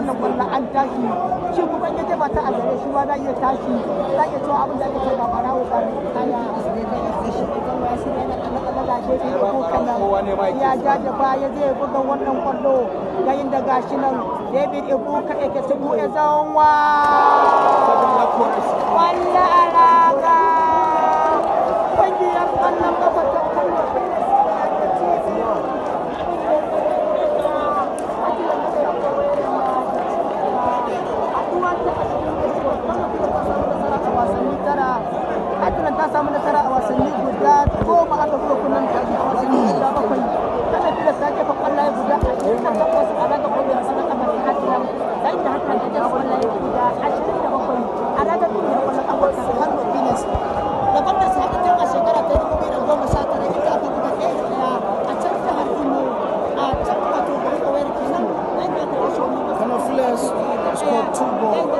wannan kwallon an tashi shi kuma ya jefa ta a gare shi ma za iya tashi za iya cewa abin da ake ce ba bara ba ne kaya ya jaje ba ya zai buga wannan kwallo yayin da gashi nan david ka yake sabu ya zanwa kwallo a raga kungiyar kwallon kafa ta samu nasara a wasanni guda goma aka zo kunan a wasanni guda bakwai kana fila sake fa kwallaye guda a cikin takwas a raga a sanar kamar da da ta jefa kwallaye guda ashirin da bakwai a raga duniya kwallon amurka da har da a shekara ta dubu biyu da goma sha tara aka buga ɗaya da ɗaya a can a can wato gari kawai kenan da kashe wani scored two goals